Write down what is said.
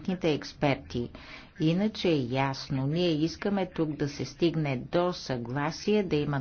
компетентните експерти. Иначе е ясно, ние искаме тук да се стигне до съгласие, да има